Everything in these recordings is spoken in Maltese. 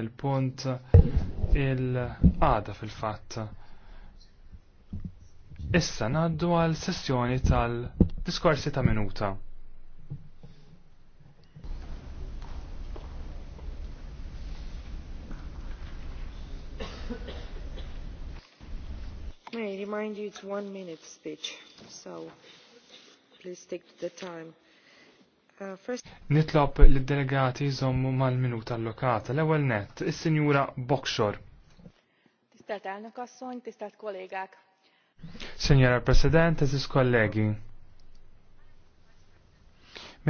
il-punt il-għada fil-fatt. Issa naddu għal sessjoni tal-diskorsi ta' minuta. May I remind you it's one minute speech, so please stick to the time. Uh, Nitlob l delegati jżommu mal-minuta allokata. L-ewwel net, is-Sinjura Bokxor. Tistat għalnuk assonj, tistat kollegak. Sinjora President, eżis kollegi.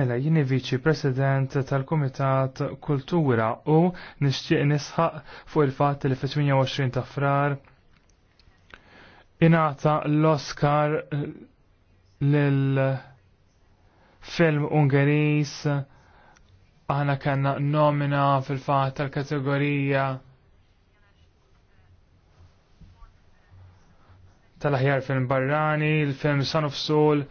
Mela, jini viċi President tal-Kumitat Kultura u nixtieq nisħaq fuq il-fatt li fit-28 ta' frar inata l-Oscar lil film Ungeris aħna kanna nomina fil-fat tal-kategorija tal-aħjar film barrani, il-film Son of Soul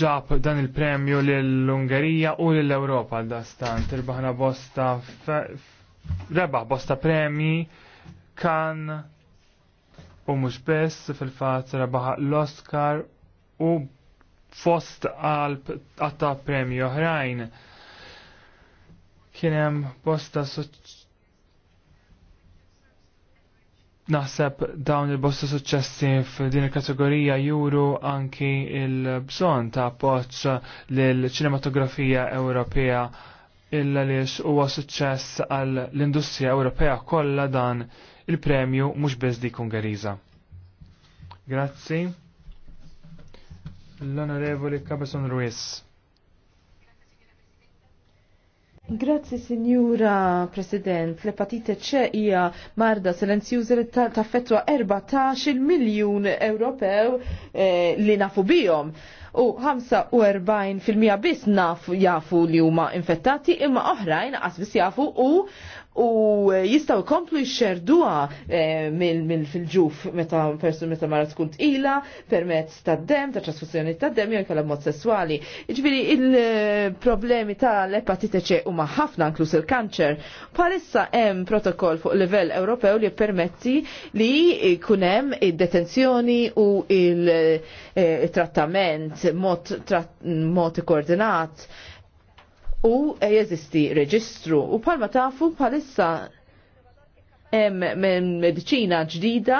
ġab dan il-premju l-Ungerija u l-Europa għal-dastant. Irbaħna bosta rebaħ bosta premji kan u mux bess fil-fat rebaħ l-Oscar u fost għal għatta premju oħrajn. Kienem bosta naħseb dawn il-bosta suċċessi f'din il-kategorija juru anki il-bżon ta' poċ l-ċinematografija Ewropea illa li huwa suċċess għal l-industrija Ewropea kollha dan il-premju mhux biss dik Ungeriża. Grazzi l-Onorevoli Cabezon Ruiz. Grazzi signora President, l-epatite C hija marda silenzjuża li taffettwa 14 miljun Ewropew eh, li nafu bihom u 45% biss nafu jafu li huma infettati imma oħrajn qas biss jafu u u eh, jistaw komplu jxerduha eh, mill-fil-ġuf meta persu meta mara tkun tqila permezz ta' dem, ta' trasfusjoni ta' dem, jew kellha mod sessuali. Ġifieri il-problemi ta' l-epatite C huma ħafna inkluż il-kanċer. Palissa hemm protokoll fuq livell Ewropew li permetti li jkun hemm id-detenzjoni u il-trattament eh, mod, mod koordinat u jeżisti reġistru. U palma tafu palissa hemm minn medicina ġdida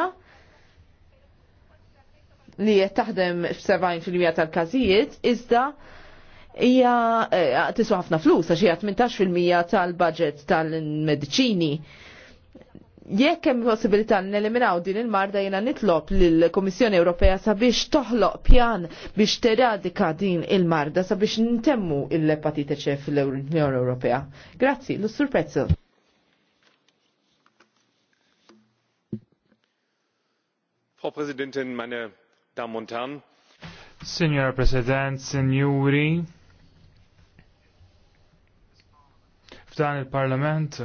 li qed taħdem f'70% tal-każijiet iżda hija eh, tiswa ħafna flus għax hija 18% tal-budget tal-mediċini. tal budget tal mediċini jekk hemm possibilità neliminaw din il-marda jiena nitlob lill-Kummissjoni Ewropea sabiex toħloq pjan biex teradika din il-marda sabiex nintemmu l-epatite C fl unjoni Ewropea. Grazzi, l-Sur Pezzo. Frau Präsidentin, meine Damen und Herren. Signor President, Signori, f'dan il-Parlament,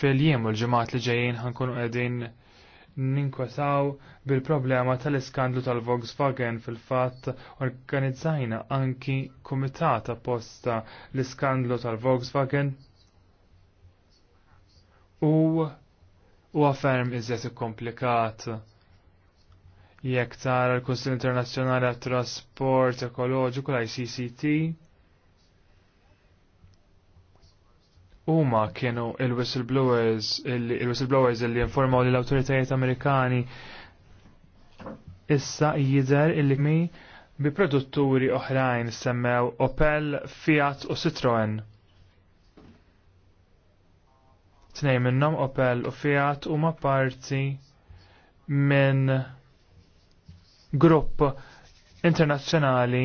fil-jiem u l-ġemat li ġejjin ħankunu qegħdin ninkwetaw bil-problema tal-iskandlu tal-Volkswagen fil-fatt organizzajna anki kumitat apposta l-iskandlu tal-Volkswagen u u għaferm iżjed komplikat jekk tara l-Kunsil Internazzjonali għat-Trasport Ekoloġiku l-ICCT huma kienu il-whistleblowers il-whistleblowers il li informaw li l-autoritajiet Amerikani issa jidher li mi bi produtturi oħrajn semmew Opel, Fiat u Citroen. Tnej minnhom Opel u Fiat huma parti minn grupp internazzjonali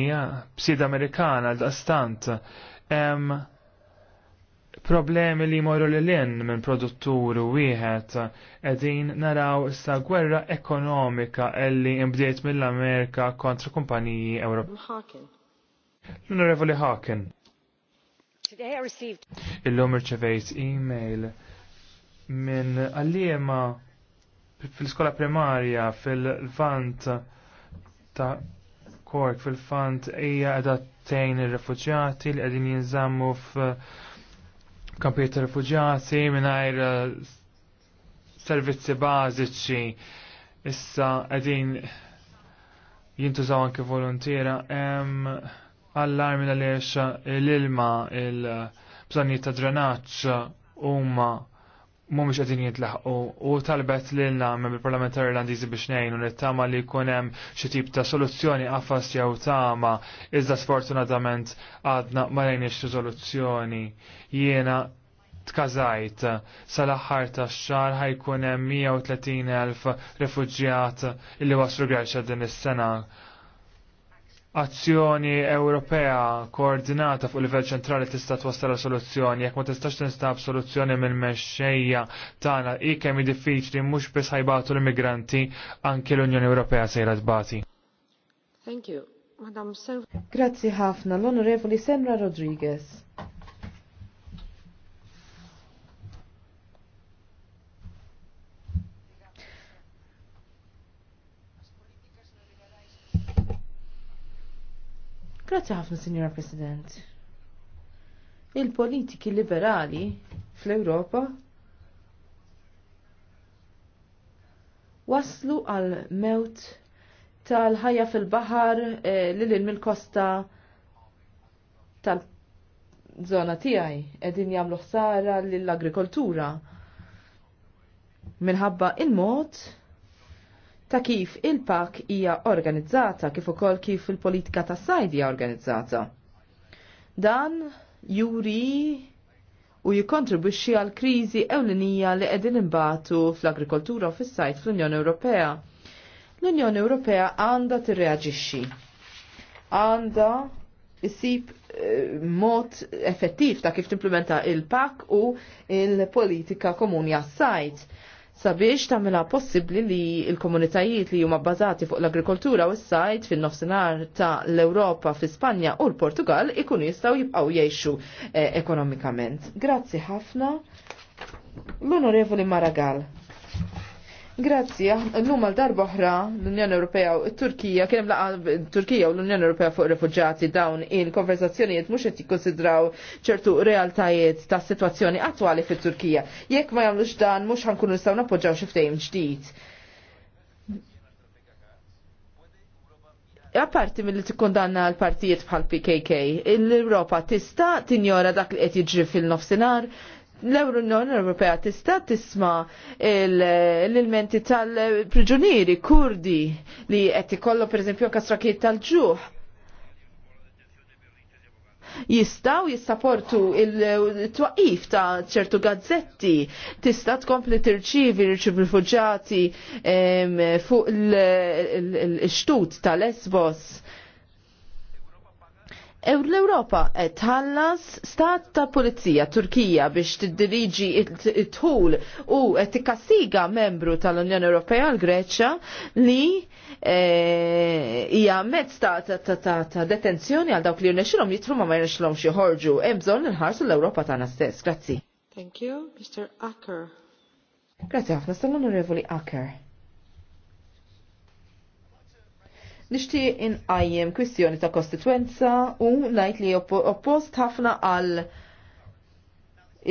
b'sid Amerikana għal stant Em, problemi li jmorru li l-in minn produtturi wieħed edin naraw issa gwerra ekonomika li imbdiet mill-Amerika kontra kumpaniji Ewropej. l Hawken Hawken. Illum irċevejt email minn għalliema fil-skola primarja fil-vant ta' Kork fil-fant hija qiegħda tgħin ir-refuġjati li qegħdin jinżammu f' kampijiet ta' rifugjati mingħajr eh, servizzi bażiċi issa qegħdin jintużaw anke volontiera hemm allarmi għaliex l-ilma il bżonni ta' drenaġġ huma mumiex għedin jitlaħqu u talbet l-ilna bil parlamentari Irlandiżi biex nejnu nittama li kunem xi tip ta' soluzzjoni għafas jew tama iżda sfortunatament għadna ma rejniex soluzzjoni jiena tkazajt sal-axħar ta' xar ħajkunem 130.000 rifuġġjat illi waslu Greċa din is-sena azzjoni Ewropea koordinata fuq livell ċentrali tista' twassal soluzzjoni jekk ma tistax tinstab soluzzjoni mill-mexxejja tagħna hi kemm diffiċli mhux biss ħajbatu l-immigranti anke l-Unjoni Ewropea sejra tbati. Thank you. Madam Grazzi ħafna l-Onorevoli Senra Rodriguez. Grazie ħafna, Signora President. Il-politiki liberali fl-Europa waslu għal mewt tal-ħajja fil-bahar eh, li l mill-kosta tal-zona tiegħi qegħdin jagħmlu ħsara lill-agrikoltura minħabba il-mod ta' kif il-pak hija organizzata kif ukoll kif il-politika ta' sajd hija organizzata. Dan juri u jikontribwixxi għal kriżi ewlenija li qegħdin imbagħtu fl-agrikoltura u fis-sajt fl-Unjoni Ewropea. L-Unjoni Ewropea għandha tirreaġixxi. Għandha isib eh, mod effettiv ta' kif timplementa il-pak u il-politika komuni għas-sajt sabiex tagħmilha possibbli li l-komunitajiet li huma bbażati fuq l-agrikoltura u s-sajt fin-nofsinhar ta' l-Ewropa fi Spanja u l-Portugal ikun jistgħu jibqgħu jgħixu eh, ekonomikament. Grazzi ħafna. L-Onorevoli Maragall. Grazzi, l-lum għal darba oħra l-Unjoni Ewropea u Turkija, kienem laqa Turkija u l-Unjoni Ewropea fuq refugġati dawn il konversazzjonijiet mux qed jikkonsidraw ċertu realtajiet ta' situazzjoni attwali fit turkija Jekk ma jagħmlux dan mhux ħankunu nistgħu nappoġġaw xi ġdijt. ġdid. Apparti mill-li t-kondanna l-partijiet bħal PKK, l-Europa tista' tinjora dak li qed jiġri fil-nofsinhar, l-Unjoni Ewropea tista' tisma' l-ilmenti tal-priġunieri kurdi li qed ikollhom pereżempju kastrakiet tal-ġuħ jistaw jissaportu il-twaqif ta' ċertu gazzetti tista tkompli tirċivi rifuġati fuq l-xtut tal esbos L-Europa tħallas stat ta' pulizija Turkija biex tiddiriġi it tħul u t-kassiga membru tal-Unjoni Ewropea l greċja li e, hija mezz ta' detenzjoni għal dawk li jirnexilhom jitru ma ma jirnexilhom xi ħorġu. Hemm bżonn inħarsu l-Ewropa tagħna stess. Grazzi. Thank you, Mr. Acker. Grazzi ħafna, sal-Onorevoli Acker. Nixtieq inqajjem kwistjoni ta' kostitwenza u ngħid li oppost ħafna għal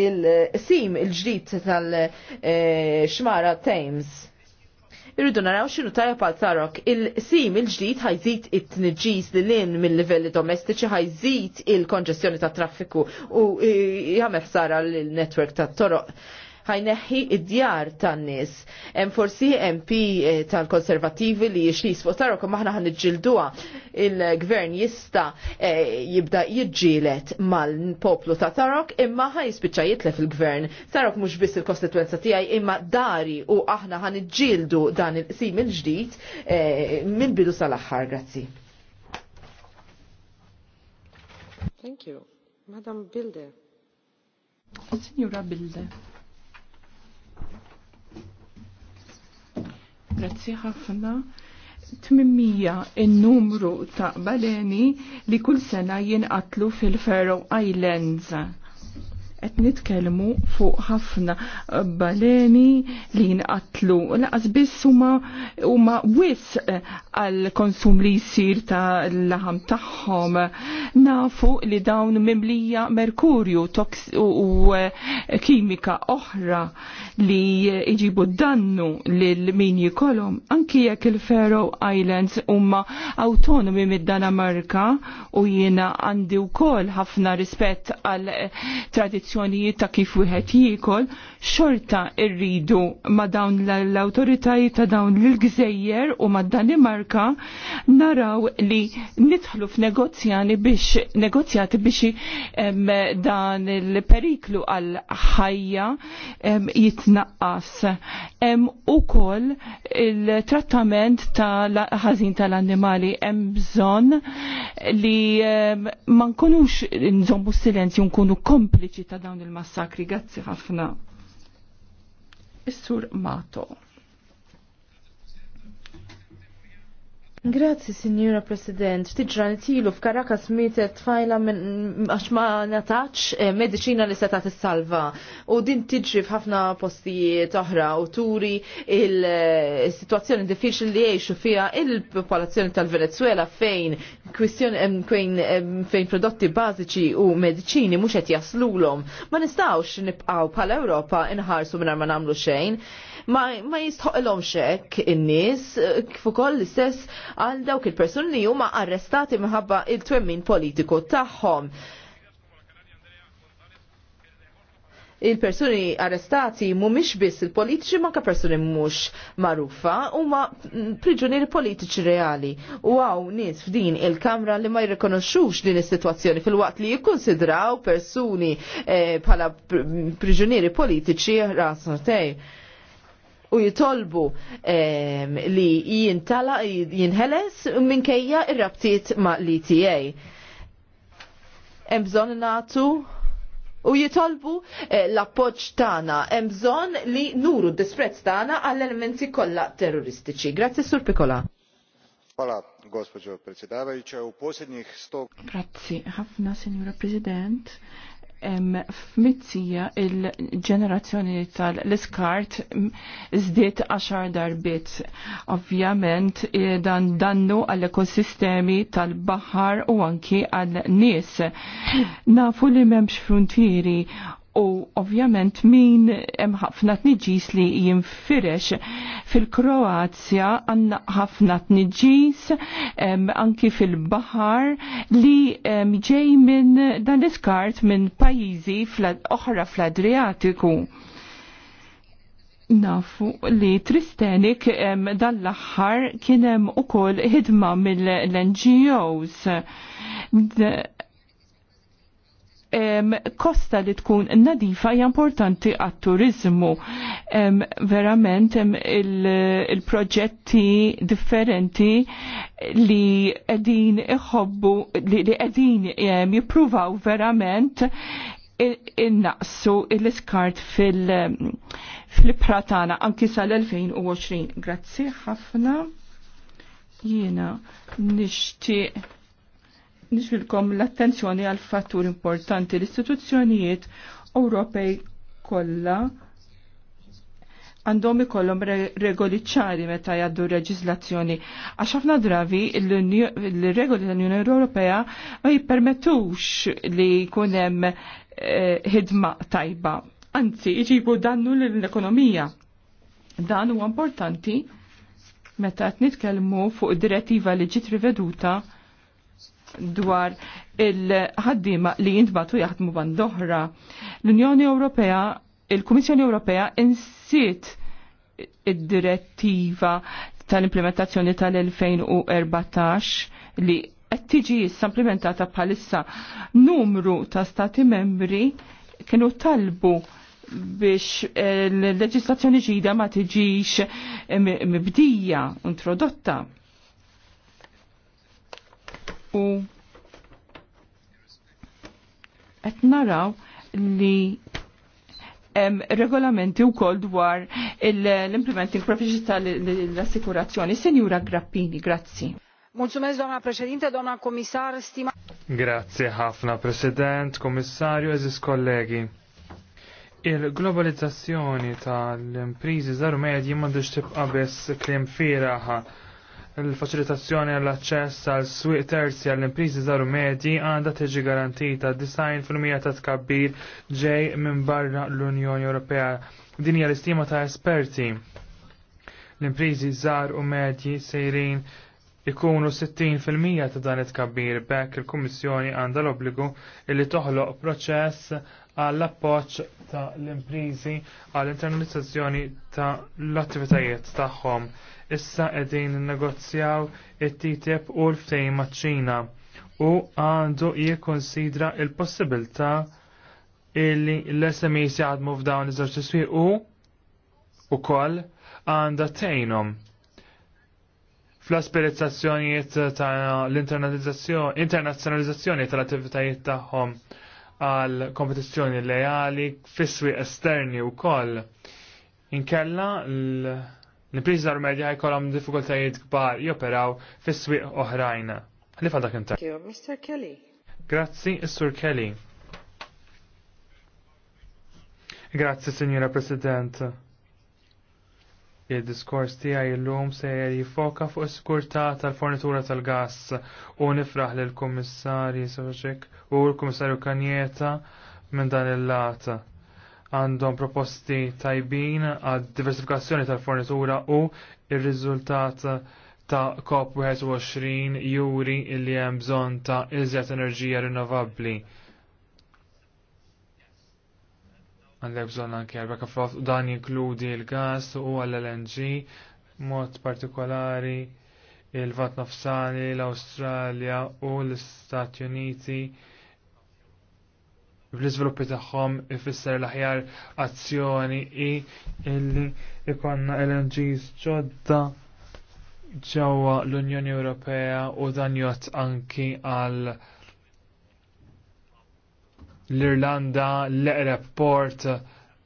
il-sim il-ġdid tal-xmara eh, Thames. Irridu naraw xinu tajab għal tarok. Il-sim il-ġdid ħajżit it-tniġis li l-in mill-livelli domestiċi ħajżit il-konġestjoni ta' traffiku u eh, jgħamil ħsara l-netwerk ta' toroq ħajneħħi id-djar tan-nies. Hemm forsi MP eh, tal-Konservattivi li jixlis fuq tarok aħna ħan iġġilduha il-gvern jista eh, jibda jiġġielet mal-poplu ta' tarok imma ħaj jispiċċa jitlef il-gvern. Tarok mhux biss il-kostituenza tiegħi imma dari u aħna ħan niġġieldu dan il-qsim il-ġdid eh, minn bidu sal-aħħar. Grazzi. Thank you. Madam Bilde. Signora Bilde. Grazzi ħafna. Tmimija il-numru ta' baleni li kull sena jinqatlu fil-Faroe Islands qed nitkellmu fuq ħafna baleni li jinqatlu laqas biss huma huma wis eh, għal konsum li jsir ta' laħam tagħhom. Nafu li dawn mimlija merkurju u eh, kimika oħra li jġibu dannu lil min jikolhom. Anki jekk il-Faroe Islands huma autonomi mid-Danamarka u jiena għandi wkoll ħafna rispett għal eh, tradizzjoni kondizjonijiet ta' kif wieħed jiekol, xorta rridu ma' dawn l-autoritajiet ta' dawn l-Gżejjer u ma' Danimarka naraw li nidħlu f'negozjani biex negozjati biex dan il-periklu għal ħajja jitnaqqas. Hemm ukoll il-trattament ta' ħażin tal-annimali hemm bżonn li ma nkunux nżommu silenzju nkunu kompliċi ta' ta' dawn il-massakri. Grazzi ħafna. Is-sur Mato. Grazzi, Signora President. Tiġra nitilu f'Karakas mietet tfajla minn għax ma nataċ eh, medicina li seta salva U din tiġri f'ħafna postijiet oħra u turi il-situazzjoni eh, diffiċli li jgħixu fija il-popolazzjoni tal-Venezuela fejn fejn, prodotti bażiċi u medicini mhux qed jaslulhom. Ma nistawx nibqgħu bħala Ewropa inħarsu minn ma nagħmlu xejn ma jistħoqilhom xek in-nies kif ukoll l-istess għal dawk il-persuni li huma arrestati minħabba il-twemmin politiku tagħhom. il-persuni arrestati mhumiex biss il-politiċi ma ka persuni mhux magħrufa huma priġunieri politiċi reali. U għaw nies f'din il-kamra li ma jirrikonoxxux din is-sitwazzjoni fil-waqt li jikkonsidraw persuni eh, bħala priġunieri politiċi rasnatej u jitolbu ehm, li jintala jinħeles minkejja ir-rabtiet ma' l-ETA. Hemm bżonn nagħtu u jitolbu eh, l-appoġġ tagħna hemm bżonn li nuru d-disprezz tagħna għall-elementi kollha terroristiċi. Grazie, Sur Pikola. Hola, gospođo predsjedavajuća. U posljednjih sto... Grazie, ħafna, signora President f'mizzija il-ġenerazzjoni tal-iskart zdiet għaxar darbit. Ovvjament dan dannu għall-ekosistemi tal-bahar u anki għall-nies. Nafu li memx frontieri u ovvjament min hemm ħafna tniġis li jinfirex fil-Kroazja għandna ħafna tniġis anki fil-baħar li ġej minn dan l-iskart minn pajjiżi oħra fl-Adriatiku. Nafu li Tristenik dan l-aħħar kien hemm ukoll ħidma mill-NGOs kosta li tkun nadifa hija importanti għat turizmu Verament il-proġetti il differenti li qegħdin iħobbu li qegħdin jippruvaw verament innaqsu l-iskart fil-pratana anki sal-2020. Grazzi ħafna. Jiena nixtieq nixvilkom l-attenzjoni għal fattur importanti l-istituzzjonijiet Ewropej kollha għandhom ikollhom regoli ċari meta jgħaddu reġislazzjoni. Għax ħafna drabi l-regoli tal-Unjoni Ewropea ma jippermettux li jkun hemm eh, ħidma tajba. Anzi, jġibu dannu l-ekonomija. Dan huwa importanti meta qed nitkellmu fuq direttiva li ġiet riveduta dwar il-ħaddima li jintbatu jaħdmu bandoħra. L-Unjoni Ewropea, il-Kummissjoni Ewropea insiet id-direttiva tal-implementazzjoni tal-2014 li qed tiġi implementata bħalissa numru ta' stati membri kienu talbu biex l-leġislazzjoni ġida ma tiġix mibdija introdotta U qed naraw li em, regolamenti u kol dwar l-implementing profiċi tal-assikurazzjoni. Senjura Grappini, grazzi. Mulțumesc, doamna președinte, doamna comisar, stima... Grazie, ħafna, president, komissarju, eżis kollegi. Il-globalizzazzjoni tal-imprizi zaru medji d tibqa biss klim firaħa il-facilitazzjoni għall-aċċess għal swieq terzi għall impriżi żaru medji għandha tiġi garantita 90% ta' tkabbir ġej minn barra l-Unjoni Ewropea. Din hija l-istima ta' esperti. L-impriżi żar u medji sejrin ikunu 60% ta' dan it-tkabbir bekk il-Kummissjoni għandha l-obbligu li toħloq proċess għall appoġġ ta' l-imprizi għall internalizzazzjoni ta' l-attivitajiet tagħhom. Issa qegħdin negozjaw it-TTIP u l-ftejn maċ-Ċina u għandu jikkonsidra il-possibilità illi l-SMEs jaħdmu f'dawn iż-żewġ tiswieq u ukoll għandha tgħinhom fl aspirizzazzjonijiet ta' l-internazzjonalizzazzjoni tal-attivitajiet tagħhom. Ta għal kompetizzjoni lejali fiswi esterni u koll. Inkella l-impriża medja jkollhom diffikultajiet kbar joperaw fiswi oħrajn. Li fa dak Mr. Kelly. Grazzi, Sur Kelly. Grazzi, Signora President il-diskors tiegħi llum se jifoka fuq is-sikurtà tal-fornitura tal gass u nifraħ lil kummissarji Soċek u l-Kummissarju Kanjeta minn dan il-lat. Għandhom proposti tajbin għad diversifikazzjoni tal-fornitura u ir-riżultat ta' COP21 juri illi hemm bżonn ta' iżjed enerġija rinnovabbli. għandek bżon anke għarbek u dan jinkludi l-gas u għall-LNG mod partikolari il-vat Nafsani, l australia u l-Stati Uniti bl-izviluppi tagħhom ifisser l-aħjar azzjoni i illi ikonna LNGs ġodda ġewwa l-Unjoni Ewropea u dan jott anki għal l-Irlanda, l-Eqreb Port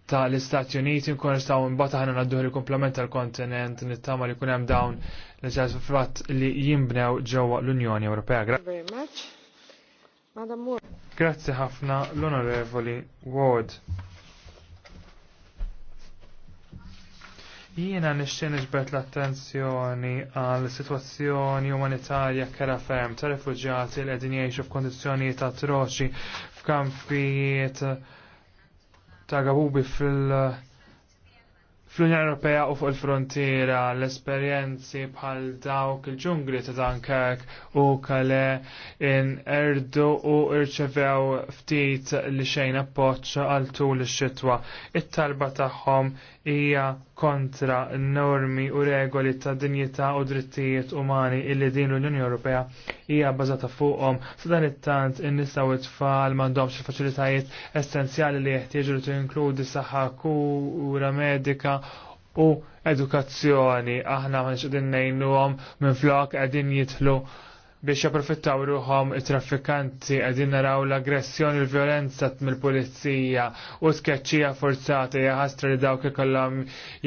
ta' l-Istati Uniti nkun nistaw mbagħad aħna naddu il-komplement tal-kontinent nittama li jkun hemm dawn l-ġas fratt li jimbnew ġewwa l-Unjoni Ewropea. Grazzi ħafna l-Onorevoli Ward. Jiena nixtieq iġbet l-attenzjoni għal sitwazzjoni umanitarja kera ferm ta' refuġjati li qegħdin jgħixu ta' atroċi kampijiet ta' gabubi fil- fl-Unjoni Ewropea u fuq il-frontiera l-esperjenzi bħal dawk il-ġungli ta' Dunkirk u kale in erdu u irċevew ftit li xejn appoċċ għal tul ix-xitwa. It-talba tagħhom hija kontra normi u regoli ta' dinjità u drittijiet umani illi din l-Unjoni Ewropea hija bbażata fuqhom. Sadan it-tant in-nisa u t-tfal m'għandhomx il-faċilitajiet essenzjali li jeħtieġu li tinkludi saħħa kura medika u edukazzjoni. Aħna ma nix qegħdin ngħinuhom minflok qegħdin jidħlu biex japprofittaw ruħom it-traffikanti għedin naraw l-aggressjoni l-violenza mill-polizija u skeċċija forzata jaħastra li dawk ikollhom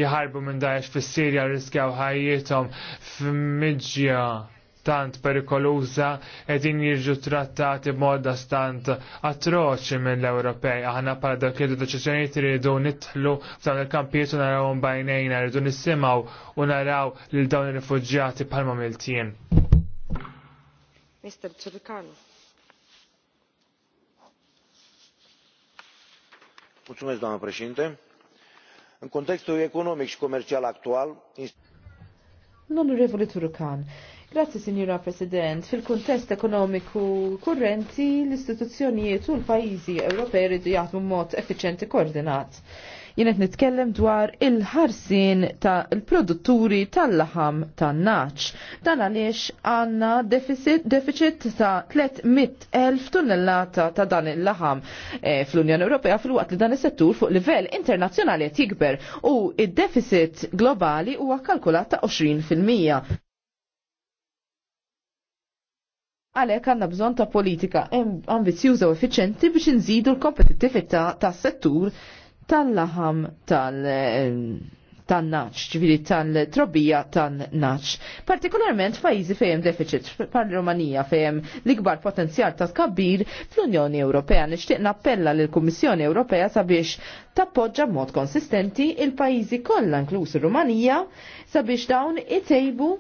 jħarbu minn Daesh fis-Sirja riskjaw ħajjithom f'miġja tant perikoluża qegħdin jiġu trattati b'modda stant atroċi mill-Ewropej. Aħna bħala dak li deċiżjonijiet iridu nidħlu f'dawn il-kampijiet u narawhom bajnejna, rridu nisimgħu u naraw lil dawn ir-rifuġġjati bħalma miltien. Mr. Cercanu. Mulțumesc, doamnă președinte. În contextul economic și comercial actual... onorevole Turkan, Grazie Signora President. Fil-kuntest ekonomiku kurrenti, l-istituzzjonijiet u l-pajizi Ewropej rridu jaħdmu mod effiċenti koordinat jenet nitkellem dwar il-ħarsin ta' il-produtturi tal-laħam tan-naċ. Dan għaliex għanna deficit ta' 300.000 tunnellata ta' dan il-laħam e, fl-Unjoni Ewropea fil-waqt li dan is-settur fuq livell internazzjonali qed jikber u id-deficit globali huwa kalkulat ta' 20% għalek għanna bżon ta' politika ambizjuża u effiċenti biex nżidu l-kompetittività ta' settur tal-laħam tal-, -laħam, tal tan naċ ġviri tal trobija tan-naċ. Partikolarment pajizi fejem deficit, par Romania fejem l-ikbar potenzjal ta' tkabbir fl-Unjoni Ewropea. Nixtieq nappella l kummissjoni Ewropea sabiex tappoġġa mod konsistenti il-pajizi kollha inkluż Rumanija sabiex dawn itejbu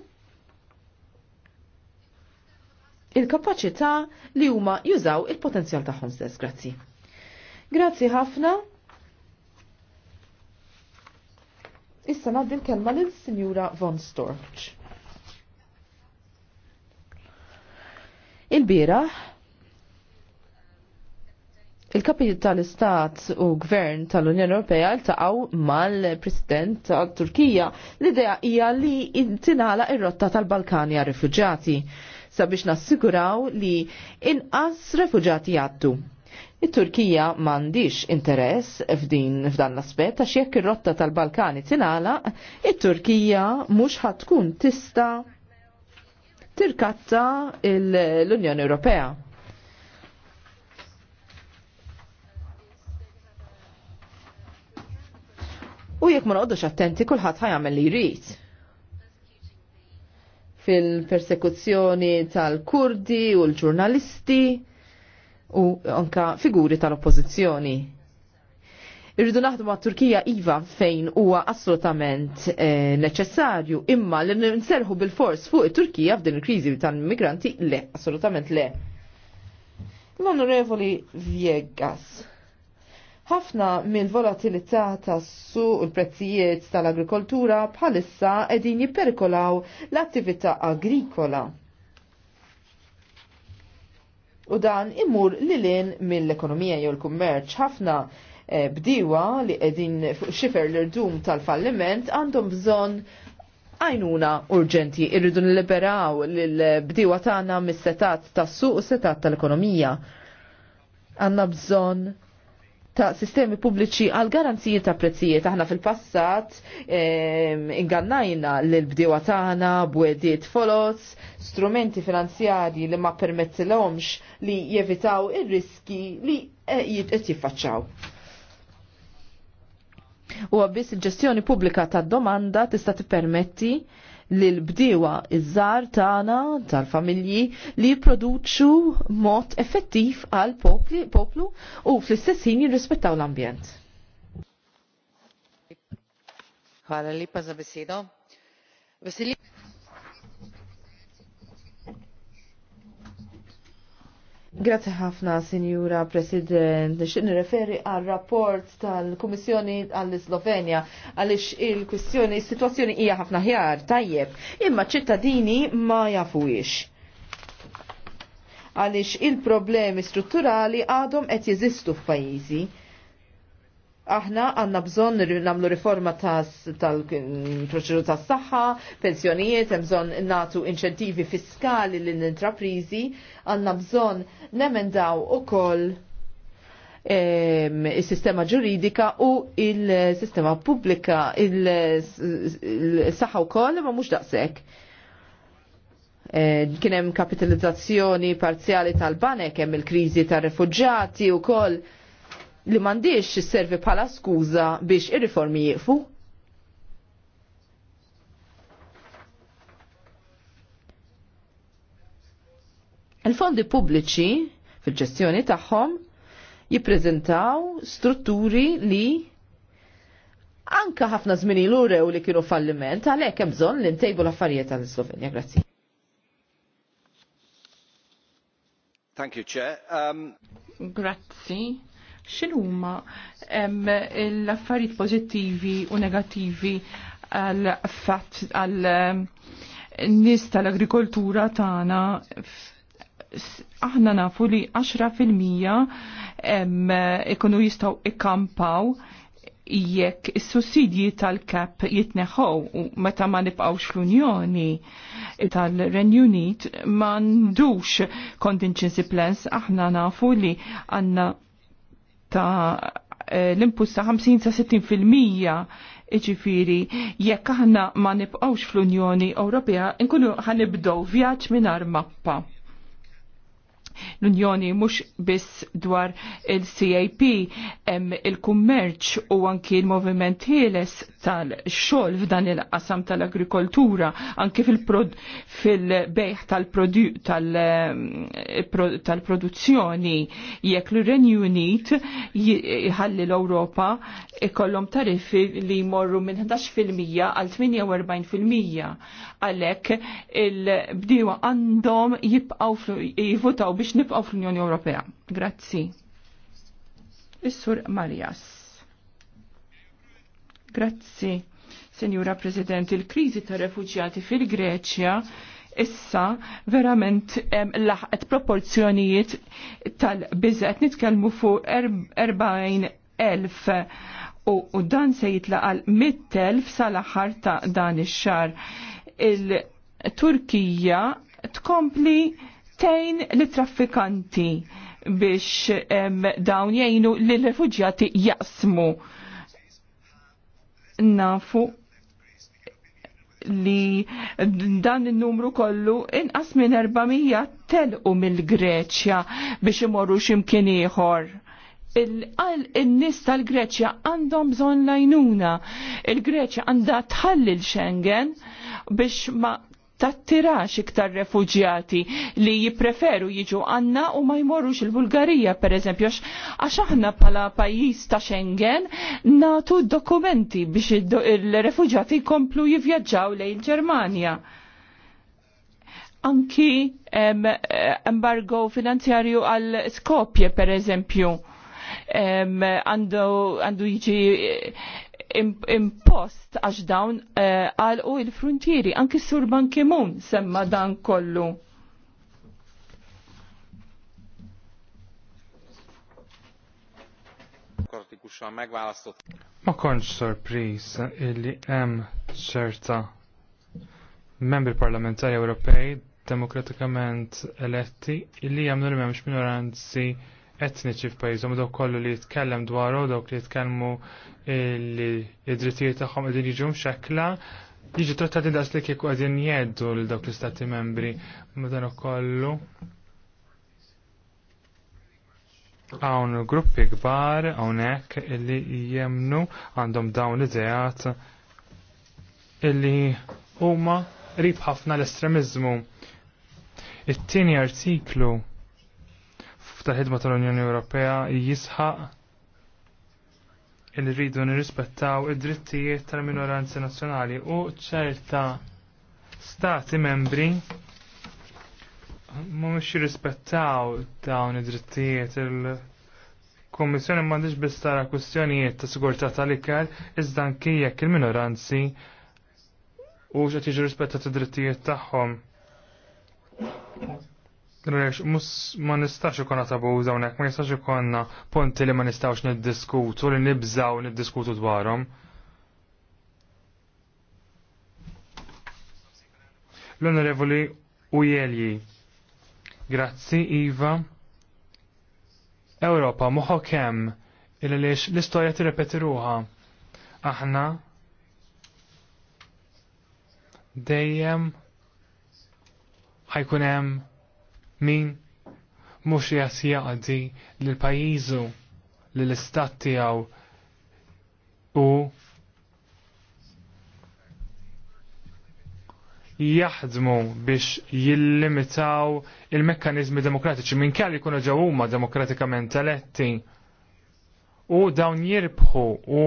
il-kapacità li huma jużaw il-potenzjal tagħhom stess. Grazzi. Grazzi ħafna. Issa naddi l-kelma lill-Sinjura Von Storch. Il-bira, il-kapi tal-istat u gvern tal-Unjoni Ewropea ltaqgħu mal-President tal-Turkija. L-idea hija li tinala ir-rotta tal-Balkani għar-rifuġati sabiex nassiguraw li inqas refuġati jgħaddu it-Turkija mandiċ interess f'din f'dan l-aspet għax jekk ir-rotta tal-Balkani tinala, it-Turkija mhux ħatkun tista tirkatta l-Unjoni Ewropea. U jekk ma noqgħodux attenti kulħadd ħajamel li jrid fil-persekuzzjoni tal-Kurdi u l-ġurnalisti u anka figuri tal-oppożizzjoni. Irridu naħdmu ma' Turkija iva fejn huwa assolutament eh, neċessarju, imma li nserħu bil-fors fuq it-Turkija f'din il-kriżi tal-migranti le, assolutament le. L-Onorevoli Viegas ħafna mill volatilità tas-su u l-prezzijiet tal-agrikoltura bħalissa edin jipperkolaw l-attività agrikola u dan imur lilin mill-ekonomija jew l-kummerċ. ħafna eh, bdiwa li qegħdin fuq xifer l-irdum tal-falliment għandhom bżonn għajnuna urġenti irridu nliberaw l-bdiwa tagħna mis-setat tas-suq u setat tal-ekonomija. Għandna bżonn ta' sistemi pubbliċi għal garanziji ta' prezzijiet. Aħna fil-passat ingannajna l-bdewa tagħna bwediet folos, strumenti finanzjari li ma permettilhomx li jevitaw ir-riski li eh, qed jiffaċċaw. U għabbis il-ġestjoni pubblika ta' domanda tista' tippermetti permetti l-bdiewa iż-żar tagħna tal-familji li jipproduċu mod effettiv għal poplu u fl-istess ħin jirrispettaw l-ambjent. Hvala li za Grazie ħafna, Sinjura President. Xin referi għal rapport tal-Kummissjoni għall-Slovenja għalix il-kwistjoni, il-situazzjoni hija ħafna ħjar, tajjeb, imma ċittadini ma jafuix għalix il-problemi strutturali għadhom qed jeżistu f'pajjiżi aħna għanna bżon namlu riforma tal-proċedur tas saħħa pensjonijiet, bżon natu inċentivi fiskali l-intraprizi, għanna bżon nemendaw u koll il-sistema ġuridika u il-sistema pubblika il-saħħa u koll ma mux daqsek. E, Kienem kapitalizzazzjoni parzjali tal-banek, hemm il-krizi tal-refugġati u koll li mandiex servi bħala skuza biex ir-riformi jieqfu. Il-fondi pubbliċi fil-ġestjoni tagħhom jippreżentaw strutturi li anka ħafna żmien l rew li kienu falliment għalhekk hemm bżonn li ntejbu l-affarijiet tal-Slovenja. Grazzi. Thank you, Chair. Um... Grazzi x'inhuma l-affarijiet pożittivi u negattivi għal fatt għal nis tal-agrikoltura tagħna aħna nafu li 10% ikunu jistgħu ikkampaw jekk is-sussidji tal-kap jitneħħow u meta ma nibqgħux l-Unjoni tal-Renju Unit m'għandux contingency plans aħna nafu li għandna ta' eh, l-impuls ta' 50 sa' 60 fil-mija iġifiri jekk aħna ma nibqawx fl-Unjoni Ewropea nkunu ħanibdow vjaġġ mingħajr mappa l-Unjoni mhux biss dwar il-CAP hemm il-kummerċ u anki l-moviment ħieles tal-xogħol f'dan il-qasam tal-agrikoltura anki fil-bejħ eh, tal-produzzjoni jekk l renju Unit jħalli l-Ewropa ikollhom tariffi li jmorru minn 11% għal 48% għalhekk il-bdiewa għandhom jibqgħu jivutaw biex nibqgħu nibqgħu fl-Unjoni Ewropea. Grazzi. Is-Sur Marias. Grazzi, Senjura President, il-kriżi ta' refuġjati fil-Greċja issa verament laħqet proporzjonijiet tal-bizet nitkellmu fuq 40.000 u, u dan se jitlaqal 100.000 sal-aħħar ta' dan ix-xar. Il-Turkija tkompli tejn li traffikanti biex dawn jgħinu li l-refugjati jaqsmu. Nafu li dan il-numru kollu inqas minn 400 telqu mill-Greċja biex imorru x'imkien ieħor il-qal il-nis tal-Greċja għandhom bżon lajnuna. Il-Greċja għandha tħallil Schengen biex ma tattirax iktar refugjati li jipreferu jiġu għanna u ma jmorrux il-Bulgarija per eżempju għax aħna pala pajis ta' Schengen natu dokumenti biex il-refugjati komplu jivjaġġaw lejn ġermania Anki em, embargo finanzjarju għal Skopje per eżempju għandu jiġi impost għax dawn eh, għal u il-frontieri, anki sur Ban Kimun semma dan kollu. Ma konċ sorpriz illi hemm ċerta membri parlamentari Ewropej demokratikament eletti illi jamnu li memx minoranzi etniċi f'pajjiżhom dawk kollu li jitkellem dwaru dawk li jitkellmu li id-drittijiet tagħhom qegħdin jiġu mxekkla jiġu trattati daqs li kieku qegħdin jgħeddu lil dawk l-istati membri madan ukollu. Hawn gruppi kbar hawnhekk illi jemnu għandhom dawn l-idejat illi huma rib ħafna l-estremizmu. It-tieni artiklu F-ħidma tal-Unjoni Ewropea jisħaq il nirrispettaw id-drittijiet tal-minoranzi nazzjonali u ċerta stati membri mhumiex jirrispettaw dawn id-drittijiet il Kommissjoni m'għandix biss tara kwistjonijiet ta' sigurtà tal-ikel iżda anki jekk il-minoranzi u x'qed jiġu rispettat id-drittijiet tagħhom ma nistax konna tabu zawnek, ma nistax konna ponti li ma nistax niddiskutu, li nibżaw niddiskutu dwarhom. L-Onorevoli jelji. grazzi Iva. Ewropa muħo kem, il l-istorja tirrepeti ruha. Aħna dejjem ħajkunem, hemm min mhux jas jaqdi lill pajjiżu l istat tiegħu u jaħdmu biex jillimitaw il-mekkanizmi demokratiċi minn kelli jkunu huma demokratikament eletti u dawn jirbħu u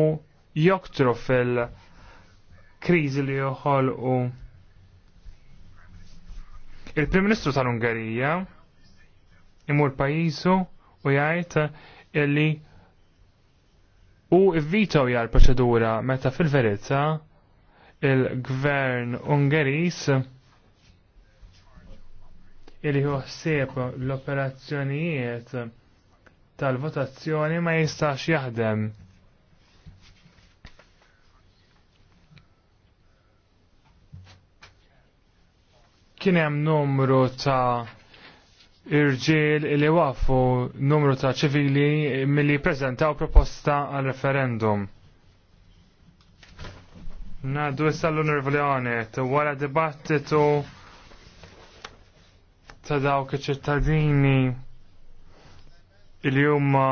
joktru fil-kriżi li joħolqu Il-Prim Ministru tal-Ungerija imur pajizu u jgħid illi u vvitaw hija l-proċedura meta fil-verità il-gvern Ungeris illi ħsieb l-operazzjonijiet tal-votazzjoni ma jistax jaħdem. kien hemm numru ta' irġiel li wafu numru ta' ċivili milli preżentaw proposta għal referendum. Nadu issa l-Onorevoli Onet, wara dibattitu ta' dawk iċ-ċittadini il-jumma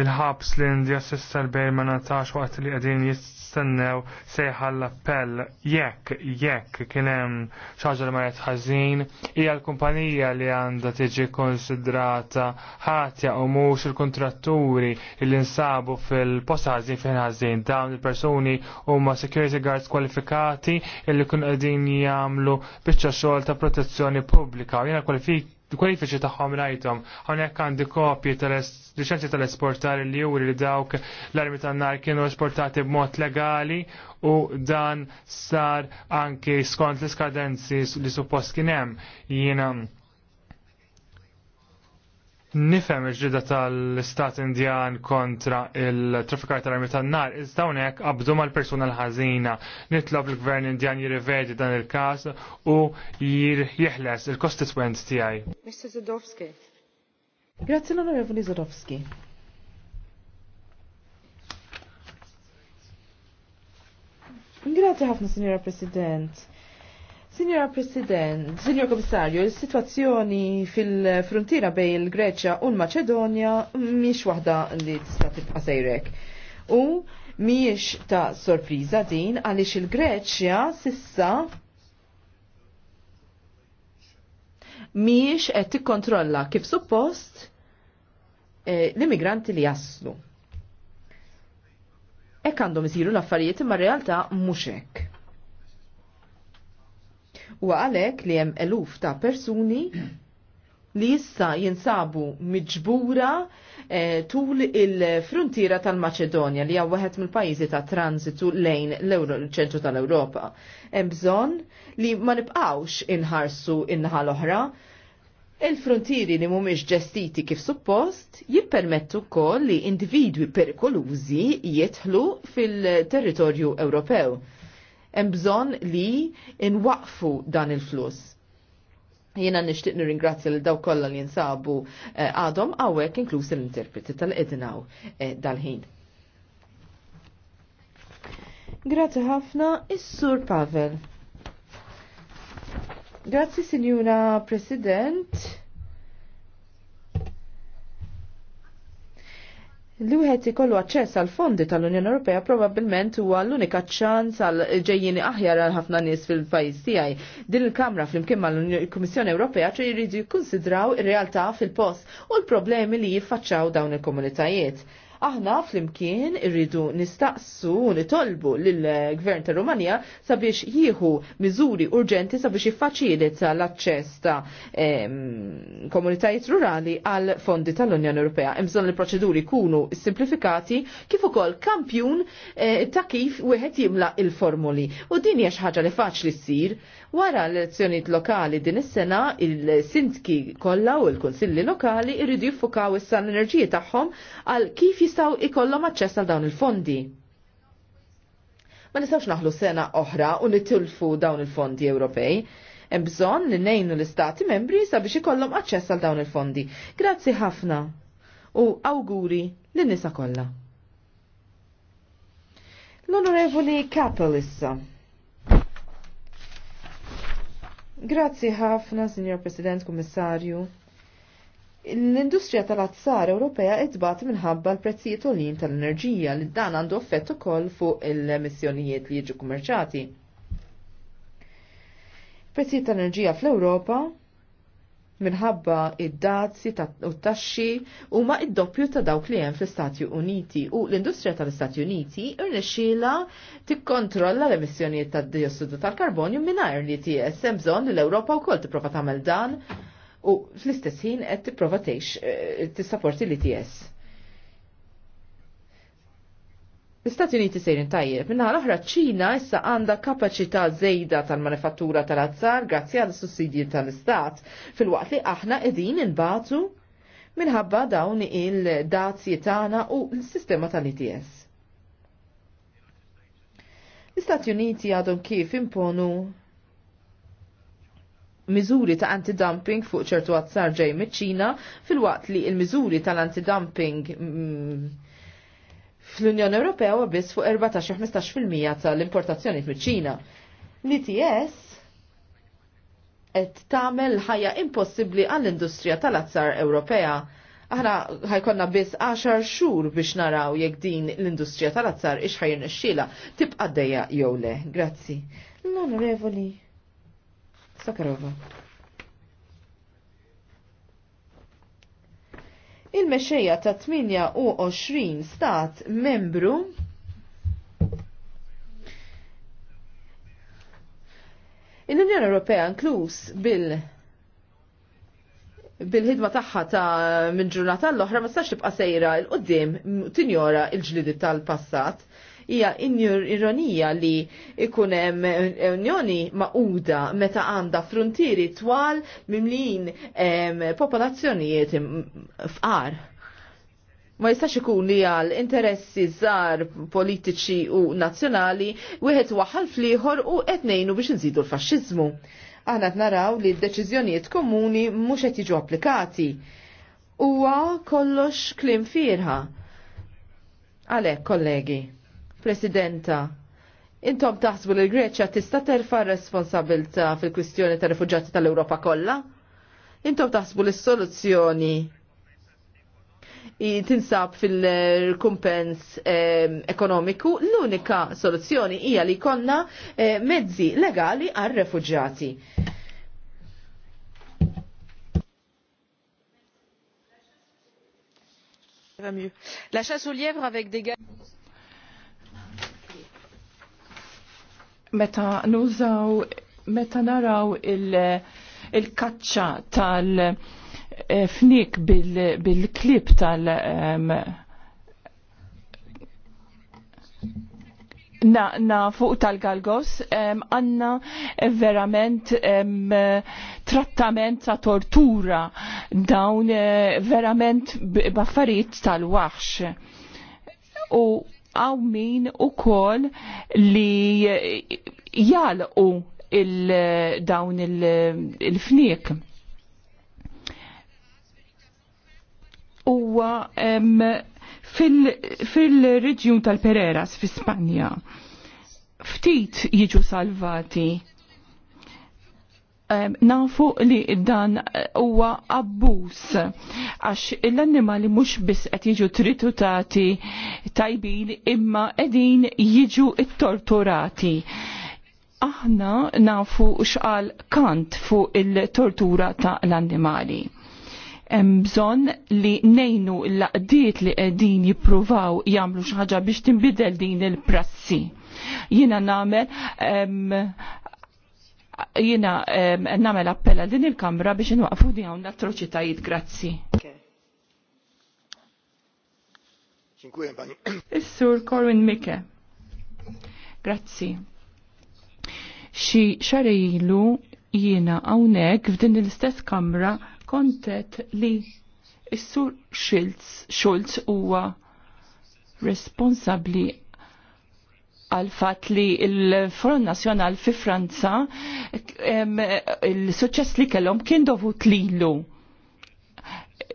il-ħabs l-Indja Sister l-bejl ma natax waqt li għedin jistennew sejħa l-appell jekk, jekk kienem xaġa li ma jitħazin hija l-kumpanija li għandha tiġi konsidrata ħatja u mhux il-kontratturi li nsabu fil-post ħażin fejn ħażin dawn il-persuni huma security guards kwalifikati illi kun qegħdin jagħmlu biċċa xogħol ta' protezzjoni pubblika. Jiena kwalifik kwalifiċi tagħhom rajthom. Hawnhekk għandi kopji tal-liċenzji tal-esportar li juri li dawk l-armi tan-nar kienu esportati b'mod legali u dan sar anki skont l-iskadenzi li suppost kien hemm. Jiena nifhem il-ġrida tal-Istat Indian kontra il-traffikar tal-armi tan-nar, iżda hawnhekk qabdu mal-persuna l ħazina Nitlob il-Gvern Indian jirrivedi dan il-każ u jieħles il-kostitwent tiegħi. Mr. Zadowski. Grazzi l-Onorevoli Zadowski. Grazzi ħafna, Signora President. Signora President, Signor Komissarju, il-situazzjoni fil-frontiera bej il-Greċja u l-Maċedonja miex waħda li tista' tibqa' sejrek. U miex ta' sorpriża din għaliex il-Greċja sissa miex qed tikkontrolla kif suppost eh, l-immigranti li jaslu. Ek għandhom isiru l-affarijiet imma realtà mhux hekk u għalek li hemm eluf ta' persuni li jissa jinsabu miġbura eh, tul il-frontiera tal-Maċedonja li għawahet mill-pajjiżi ta' transitu lejn l-ċentru tal-Ewropa. Hemm bżonn li ma nibqgħux inħarsu in-naħa l-oħra. Il-frontieri li mhumiex ġestiti kif suppost jippermettu wkoll li individwi perikolużi jidħlu fil-territorju Ewropew hemm bżonn li inwaqfu dan il flus Jena nishtiq nirringrazzja l daw kollha li jinsabu eh, għadhom għawek inkluż l-interpreti tal-edinaw eh, dal-ħin. Grazzi ħafna, is-Sur Pavel. Grazzi, Signora President. Li wieħed ikollu aċċess għal fondi tal-Unjoni Ewropea probabbilment huwa l-unika ċans għal ġejjini aħjar għal ħafna nies fil-pajjiż tiegħi. Din il-Kamra flimkien mal-Kummissjoni Ewropea ċe jridu jikkunsidraw ir-realtà fil-post u l-problemi li jiffaċċaw dawn il-komunitajiet. Aħna flimkien irridu nistaqsu u nitolbu lill-Gvern ta' Rumanija sabiex jieħu miżuri urġenti sabiex jiffaċilita l-aċċess ta' komunitajiet rurali għal fondi tal-Unjoni Ewropea. Imżon il-proċeduri kunu simplifikati kif ukoll kampjun eh, ta' kif wieħed jimla il-formuli. U din hija xi ħaġa li faċli ssir Wara l-elezzjonijiet lokali din is-sena, il-sindki kollha u l-kunsilli lokali irridu jiffukaw issa l-enerġija tagħhom għal kif jistgħu ikollhom aċċess għal dawn il-fondi. Ma nistgħux naħlu sena oħra u nitilfu dawn il-fondi Ewropej. Hemm bżonn li ngħinu l-istati membri sabiex ikollhom aċċess għal dawn il-fondi. Grazzi ħafna u awguri lin-nisa kollha. L-Onorevoli Kapel issa. Grazzi ħafna, Signor President, Kummissarju. L-industrija tal-azzar Ewropea idbat minħabba l-prezzijiet olin tal-enerġija li dan għandu effett ukoll fuq l-emissjonijiet li jiġu kummerċati. Prezzijiet tal-enerġija fl-Ewropa minħabba id-dazzi u t-taxxi u ma id-doppju ta' dawk li hemm fl-Istati Uniti u l-industrija tal-Istati Uniti irnexxiela tikkontrolla l-emissjonijiet tad-diossidu tal-karbonju mingħajr li hemm bżonn l-Ewropa wkoll tipprova tagħmel dan u fl-istess ħin qed tipprova tgħix eh, tissaporti l-ITS. L-Istati Uniti sejrin tajjeb, minna l-oħra ċina issa għanda kapacità zejda tal-manifattura tal-azzar grazzi għal sussidji tal-Istat, fil-waqt li aħna edin nbatu minħabba dawn il dazzi tagħna u l-sistema tal-ITS. L-Istati Uniti għadhom kif imponu miżuri ta' antidumping fuq ċertu azzar ġej miċ-Ċina fil-waqt li il-miżuri tal-antidumping anti mm, fl-Unjoni Ewropea huwa biss fuq 14-15% tal-importazzjoni miċ-Ċina. L-ITS qed tagħmel ħajja impossibbli għall-industrija tal-azzar Ewropea. Aħna ħajkonna biss 10 xhur biex naraw jekk din l-industrija tal-azzar ix ħajr tibqa' dejja jew le. Grazzi. L-Onorevoli Sakarova. Il-mexxejja ta' 28 stat membru Il-Unjoni Ewropea inkluż bil bil-ħidma tagħha ta' minn ġurnata l-oħra ma stax tibqa' sejra l qudiem tinjora l ġlidiet tal-passat hija ironija li ikun hemm Unjoni maquda meta għandha frontieri twal mimlin popolazzjonijiet fqar. Ma jistax ikun li għal interessi żgħar politiċi u nazzjonali wieħed waħal fliħor u qed ngħinu biex inżidu l-faxxiżmu. Aħna qed naraw li d-deċiżjonijiet komuni mhux qed jiġu applikati. Huwa kollox klim firħa. Għalek, kollegi, Presidenta, intom taħsbu li l-Greċja tista' terfa' responsabilta fil-kwistjoni ta' rifuġjati tal europa kollha? Intom taħsbu li s-soluzzjoni tinsab fil-kumpens ehm, ekonomiku, l-unika soluzzjoni hija li konna eh, mezzi legali għal refuġjati. La chasse aux lièvres avec des gars. meta nużaw, meta naraw il-kaċċa il tal- eh, fnik bil-klip bil tal- um, na, na fuq tal-galgos għanna um, verament um, trattament ta' tortura dawn uh, verament b'affarijiet tal-waħx. U għaw min u kol li jalqu il-dawn il-fnik. u fil-reġjun fil reġjun tal pereras fi Spanja ftit jiġu salvati nafu li dan eh, huwa abbus għax l-annimali mhux biss qed jiġu tritutati tajbin imma qegħdin jiġu torturati. Aħna nafu x'qal kant fuq il-tortura ta' l-annimali bżon li nejnu l-laqdiet li qegħdin jippruvaw jagħmlu xaħġa ħaġa biex tinbidel din il-prassi. Jiena nagħmel jina namel appella din il-kamra biex nwaqfu di għawn l-atroċitajiet. Grazzi. Is-sur Corwin Mike. Grazzi. Xi xarejlu jiena hawnhekk f'din l-istess kamra kontet li is-sur Schultz huwa responsabbli għal fat li il-Front Nazjonal fi Franza il-suċess li kellhom kien dovut lilu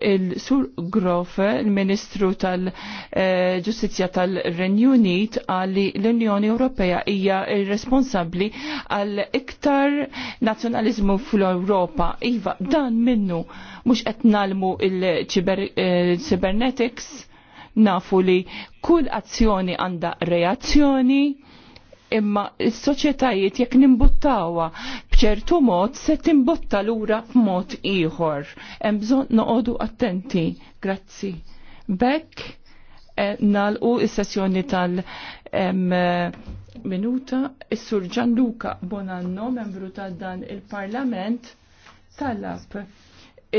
il-Sur Grofe, il-Ministru tal-Ġustizja tal-Renju Unit, għalli l-Unjoni Ewropea hija responsabli għal iktar nazjonalizmu fl-Europa. Iva, dan minnu mux etnalmu il-cybernetics, nafu li kull azzjoni għandha reazzjoni imma s-soċjetajiet jekk nimbuttawa bċertu mod se timbutta lura b'mod ieħor. Hemm bżonn noqogħdu attenti. Grazzi. Bekk eh, nalqu is-sessjoni tal-minuta eh, is-Sur Gianluca Bonanno, membru tal dan il-Parlament, tal-lab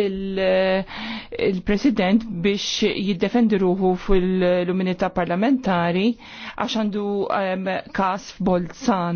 il-President il biex jiddefendi ruħu fil luminita parlamentari għax għandu um, kas f'Bolzan.